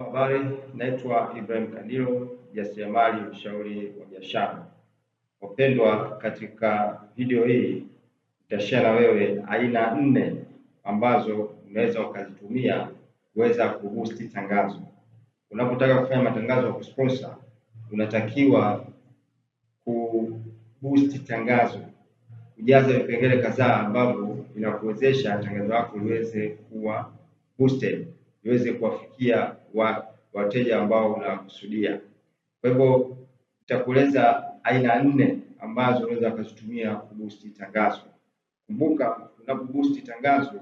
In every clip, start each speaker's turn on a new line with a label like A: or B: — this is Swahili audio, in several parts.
A: Habari, naitwa Ibrahim Kadiro, jasiriamali mshauri wa biashara. Wapendwa, katika video hii nitashare na wewe aina nne ambazo unaweza ukazitumia kuweza kubusti tangazo. Unapotaka kufanya matangazo ya kusponsor, unatakiwa kubusti tangazo, kujaza vipengele kadhaa ambavyo vinakuwezesha tangazo lako liweze kuwa boosted, liweze kuwafikia wa wateja ambao unakusudia. Kwa hivyo nitakueleza aina nne ambazo unaweza kuzitumia kuboost tangazo. Kumbuka, unapoboost tangazo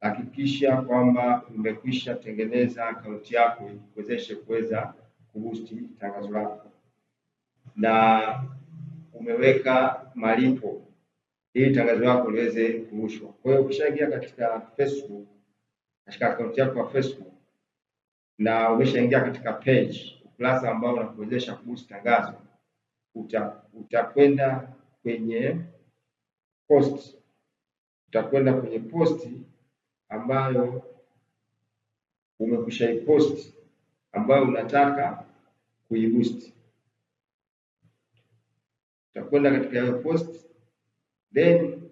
A: hakikisha kwamba umekwisha tengeneza akaunti yako ikuwezeshe kuweza kuboost tangazo lako, na umeweka malipo ili tangazo lako liweze kurushwa. Kwa hiyo ukishaingia katika Facebook, katika akaunti yako ya Facebook na umeshaingia katika page ukurasa ambao unakuwezesha kuhusu tangazo, utakwenda uta kwenye post, utakwenda kwenye posti ambayo umekusha iposti ambayo unataka kuiboost. Utakwenda katika hiyo post then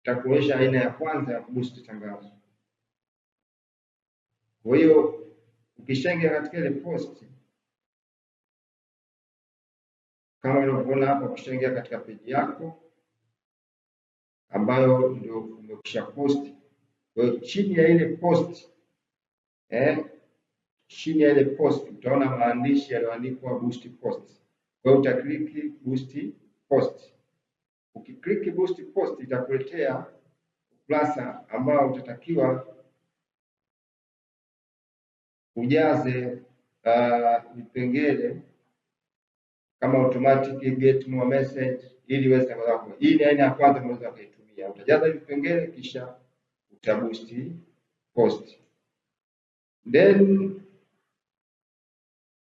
A: utakuonyesha aina ya kwanza ya kuboost tangazo. Kwa hiyo Ukishaingia katika ile post kama unavyoona hapa, ukishaingia katika peji yako ambayo ndio umekwisha post. Kwa hiyo chini ya ile post eh, chini ya ile post utaona maandishi yaliyoandikwa boost post. Kwa hiyo utaklik boost post. Ukiklik boost post itakuletea ukurasa ambao utatakiwa ujaze uh, vipengele uh, kama automatic get more message ili uweze kuanza. Hii ni aina ya kwanza unaweza kuitumia. Utajaza vipengele kisha utaboost post. Then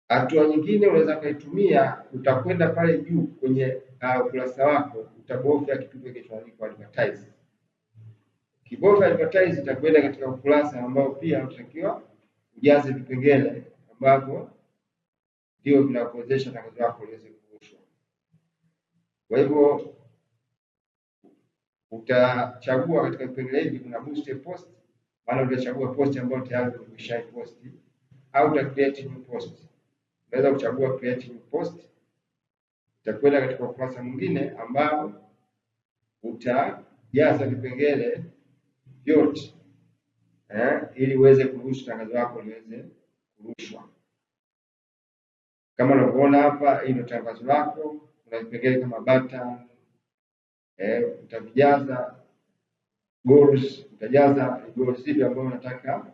A: hatua nyingine unaweza kuitumia, utakwenda pale juu kwenye uh, ukurasa uh, wako, utabofya kile kilichoandikwa advertise. Kibofya advertise itakwenda katika ukurasa ambao pia unatakiwa ujaze vipengele ambavyo ndio vinakuwezesha tangazo lako liweze kurushwa. Kwa hivyo utachagua katika vipengele hivi, kuna boost post, maana utachagua post ambayo tayari umesha post, au uta create new post. Unaweza kuchagua create new post, utakwenda katika ukurasa mwingine ambao utajaza vipengele vyote ili uweze kuruhusu tangazo lako liweze kurushwa. Kama unavyoona hapa, hii ndio tangazo lako. Kuna vipengele kama button eh, utavijaza goals, utajaza goals hivi ambayo unataka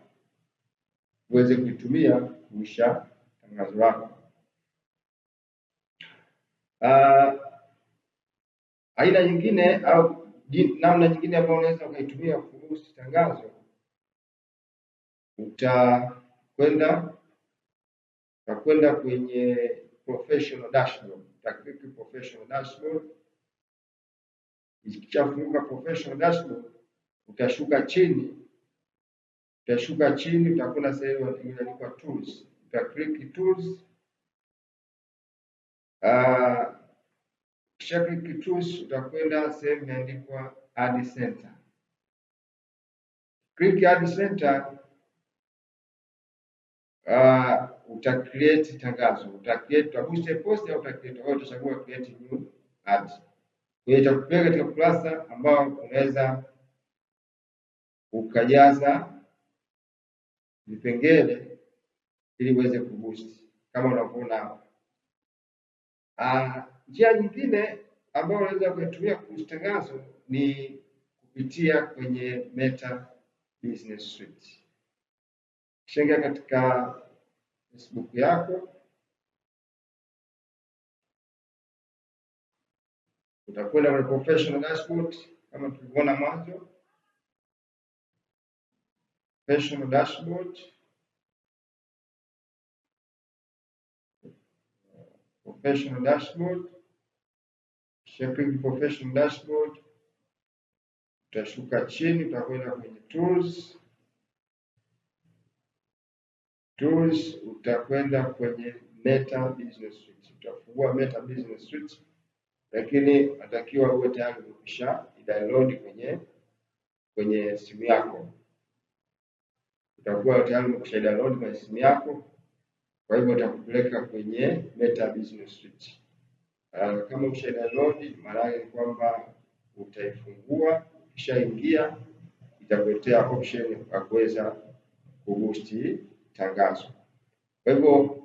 A: uweze kuitumia kurusha tangazo lako. Uh, aina nyingine au namna nyingine ambayo unaweza ukaitumia kuruhusu tangazo utakwenda utakwenda kwenye professional dashboard, utaklik professional dashboard. Ikishafunguka professional dashboard, utashuka chini, utashuka chini, utakuna sehemu inaandikwa tools, utaklik tools. Uh, ah, kisha click tools, utakwenda sehemu imeandikwa add center, click add center uh, uta create tangazo, uta create uta boost post au uta create au utachagua create new ad. Kwa hiyo itakupeleka katika kurasa ambao unaweza ukajaza vipengele ili uweze kuboost kama unavyoona. Uh, njia nyingine ambayo unaweza kuitumia kuboost tangazo ni kupitia kwenye Meta Business Suite. Kishaingia katika Facebook yako utakwenda kwenye professional dashboard kama tulivyoona mwanzo. Professional dashboard professional dashboard shaping professional dashboard, utashuka chini utakwenda kwenye tools Tools utakwenda kwenye Meta Business Suite. Utafungua Meta Business Suite lakini natakiwa uwe tayari umekwisha download kwenye kwenye simu yako. Utakuwa tayari umekwisha download kwenye simu yako, kwa hivyo utakupeleka kwenye Meta Business Suite. Uh, kama ukisha download maana yake ni kwamba utaifungua, ukishaingia itakuletea option ya kuweza kuboost tangazo. Kwa hivyo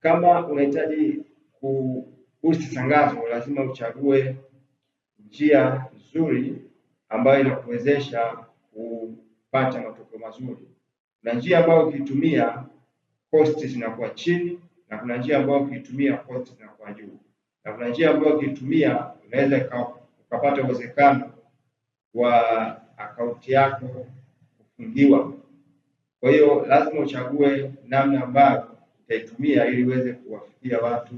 A: kama unahitaji kuboost tangazo, lazima uchague njia nzuri ambayo inakuwezesha kupata matokeo mazuri. Kuna njia ambayo ukiitumia cost zinakuwa chini, na kuna njia ambayo ukiitumia cost zinakuwa juu, na kuna njia ambayo ukiitumia unaweza ukapata uwezekano wa akaunti yako kufungiwa. Kwa hiyo lazima uchague namna ambayo utaitumia ili uweze kuwafikia watu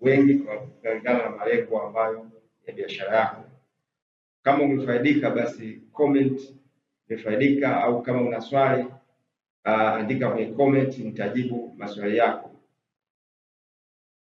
A: wengi kulingana na malengo ambayo ya biashara yako. Kama umefaidika basi comment umefaidika, au kama una swali uh, andika kwenye comment, nitajibu maswali yako.